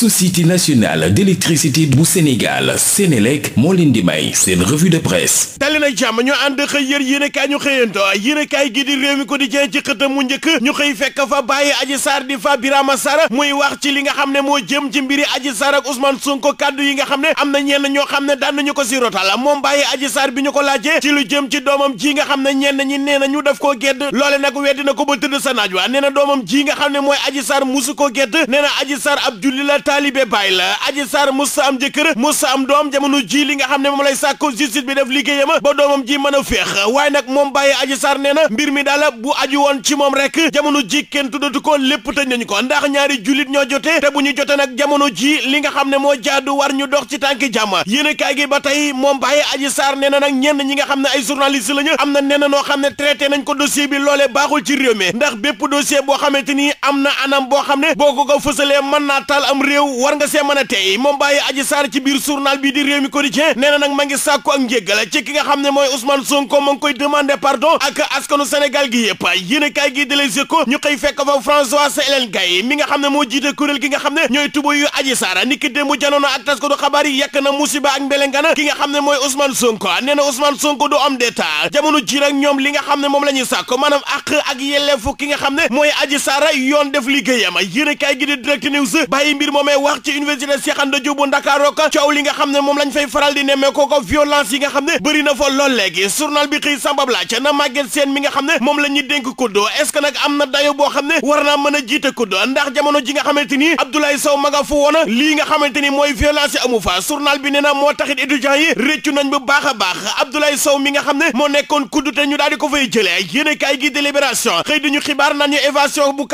société nationale d'électricité bu Sénégal Sénélec moo leen di may seen revue de presse dali na jàmm ànd xëy yër yéenekaay ñu xëyanto yéenekaay gi di réew mi quotidien ci xëtam mu njëkk ñu xëy fekk fa bàyyi Adji Sarr di fa Birama Sarr muy wax ci li nga xam ne moo jëm ci mbiri Adji Sarr ak Ousmane Sonko kàddu yi nga xam ne am na ñenn ñoo ne daan nañu ko si rotal moom bàyyi Adji Sarr bi ñu ko laajee ne ñenn ñi nee na ñu daf koo gedd loole nag weddi na ko ba tëdd sa naaj wa nee doomam ji nga xam ne mooy Adji Sarr musu taalibe baay la Adji Sarr musta am jëkkër musta am doom jamono ji li nga xam ne moom lay sàkku justice bi def liggéeyam ba doomam ji mën a féex waaye nag moom bàyyi Adji Sarr nee na mbir mi daal bu aju woon ci moom rek jamono ji kenn tuddatu ko lépp tëj nañu ko ndax ñaari jullit ñoo jotee te bu ñu jotee nag jamono ji li nga xam ne moo jaadu war ñu dox ci tànki jàmm yéen kaay gi ba tey moom bàyyi Adji Sarr nee na nag ñenn ñi nga xam ne ay journaliste lañu am na nee na noo xam ne traité nañ ko dossier bi loolee baaxul ci réew mi ndax bépp dossier boo xamante ni am na anam boo xam ne boo ko réew war nga see mën a tey moom bàyyi aji saar ci biir journal bii di réew mi quotidien nee na nag ma ngi sàkku ak njéggala ci ki nga xam ne mooy Ousmane Sonko ma ngi koy demander pardon ak askanu Sénégal gi yëpp yéen kaay gi de Les Échos ñu koy fekk fa François Hélène Gaye mi nga xam ne moo jiite kuréel gi nga xam ne ñooy tuba yu aji saara ni ki démb janoon ak tas ko du xabaar yi na musiba ak mbelengana nga na ki nga xam ne mooy aji saara yoon def liggéeyam yéen moomee wax ci université Cheikh Anta Diop bu coow li nga xam ne moom lañ fay faral di nemmee ko ko violence yi nga xam ne bëri na fa lool léegi journal bi xëy sambab laaj na màgget seen mi nga xam ne moom la ñuy dénk kuddo est ce que nag am na dayo boo xam ne war naa mën a jiite kuddo ndax jamono ji nga xamante ni Abdoulaye Sow ma nga fu woona lii nga xamante ni mooy violence yi amu fa journal bi nee na moo taxit étudiants yi réccu nañ bu baax a baax Abdoulaye Sow mi nga xam ne moo nekkoon kuddu te ñu daal di ko fay jëlee yéene kaay gi délibération xëy di ñu xibaar nañu évasion bu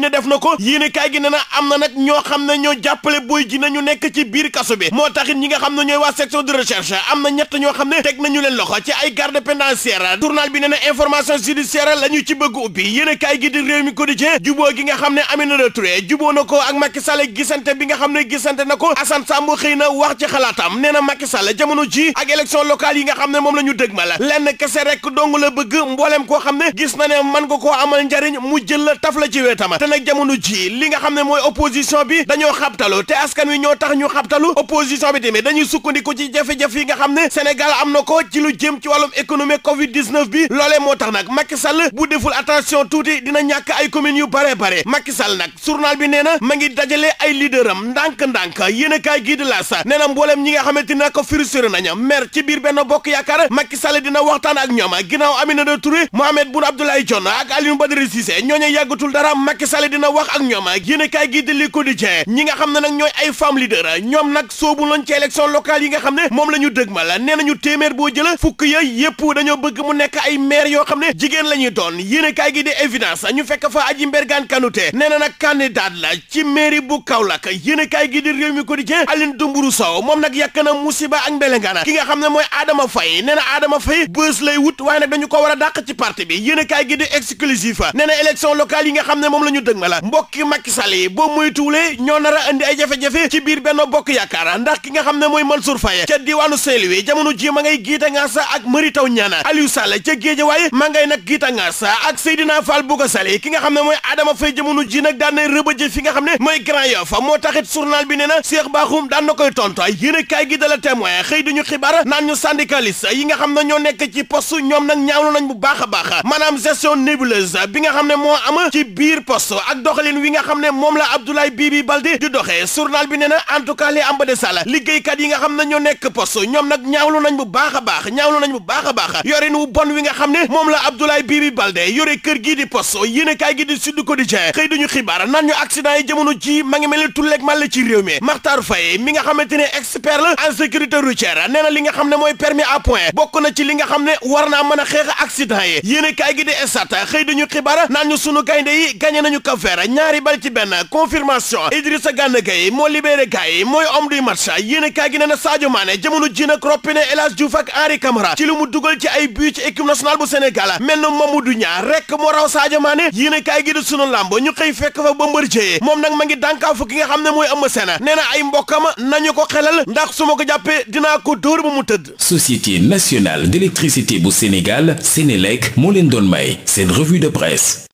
ne def na ko yéene na am na nag ñoo xam ne ñoo jàppale Boy Djiné ñu nekk ci biir kaso bi moo taxit ñi nga xam ne ñooy waa section de recherche am na ñett ñoo xam ne teg nañu leen loxo ci ay garde pénitentiaire journal bi nee na information judiciaire la ñu ci bëgg ubbi yéen kaay gi di réew mi quotidien juboo gi nga xam ne Aminata Touré juboo na ko ak Macky Sall gisante bi nga xam ne gisante na ko Assane Samb xëy na wax ci xalaatam nee na la Sall jamono ji ak élection locale yi nga xam ne moom la ñu dëgmal lenn kese rek dong la bëgg mbooleem koo ne gis na ne man nga koo amal njariñ mu jël la taf la ci wetam te nag jamono ji li nga xam ne mooy opposition bi dañoo xabtalu te askan wi ñoo tax ñu xabtalu opposition bi tamit dañuy sukkandiku ci jafe-jafe yi nga xam ne Sénégal am na ko ci lu jëm ci wàllum économie Covid 19 bi loolee moo tax nag Macky bu deful attention tuuti dina ñàkk ay communes yu bare bare Macky nag journal bi nee na ma ngi dajale ay leader am ndànk-ndànk yéen a kaay gii di laas nee na mboolem ñi nga xamante ne ko frustré nañu mer ci biir benn bokk yaakaar Macky Sall dina waxtaan ak ñoom ginnaaw Aminata Touré Mohamed Boun Abdoulaye ak Aliou Badara Le Quotidien ñi nga xam ne nag ñooy ay femme leader ñoom nag soobu loon ci élection locale yi nga xam ne moom la ñu dëgmal nee nañu téeméer boo jëla fukk ya yépp dañoo bëgg mu nekk ay yoo xam ne jigéen la ñuy doon yéene gi di ñu fekk fa Adji Mbergane Kanouté nee na nag candidat la gi di Rewmi na musiba ak mbelengana ki nga xam ne mooy Adama Faye nee na Adama Faye bës lay wut waaye nag dañu ko war a yi nga xam ne moom la ñu dëgmal mbokki Macky Sall yi boo muy moytuwulee ñoo nar a andi ay jafe-jafe ci biir benn bokk yaakaar ndax ki nga xam ne mooy Mansour Faye ca diwaanu Saint-Louis ji ma ngay giita ngaasa ak Mary Teuw Niane Aliou Sall ca Guédiawaye ma ngay nag giita ngaasa ak Seydina Fall Bouga ki nga xam ne mooy Adama Faye jamono ji nag daan na rëbëje fi nga xam ne mooy Grand Yoff moo taxit journal bi nee na Cheikh Bakhoum daan na koy tonto yéen kaay nekk ci poste ñoom nag ñaawlu bu baax a baax maanaam gestion nébuleuse bi Abdoulaye Bibi Baldé di doxee journal bi nee na en tout cas li am sala liggéeykat yi nga xam ne ñoo nekk poste ñoom nag ñaawlu nañ bu baax a baax ñaawlu a bon wi nga xam ne moom la Abdoulaye Bibi Baldé yore kër gii di poste yéene gi di Sud Quotidien xëy duñu xibaar naan ñu accident yi jamono ji ma ngi mel ni tulleeg ci réew mi Makhtar Faye mi nga xamante ne expert la en sécurité routière nee na li nga xam ne mooy permis à point bokk na ci li nga xam ne war naa mën a formation Idrissa Gana Gueye moo libéré gars yi mooy homme du match yéen a kaay gi nee na Sadio Mané jamono ji nag roppi na El Hadj Diouf ak ci li mu dugal ci ay but ci équipe nationale bu Sénégal mel na Mamadou Niang rek moo raw Sadio Mané yéen a kaay gi di sunu làmb ñu xëy fekk fa Bombardier moom nag ma ngi dànkaafu ki nga xam ne mooy Eumeu Sène nee na ay mbokkam nañu ko xelal ndax su ko jàppee dinaa ko dóor ba mu tëdd Société nationale d'électricité bu Sénégal Sénélec moo leen doon may seen revue de presse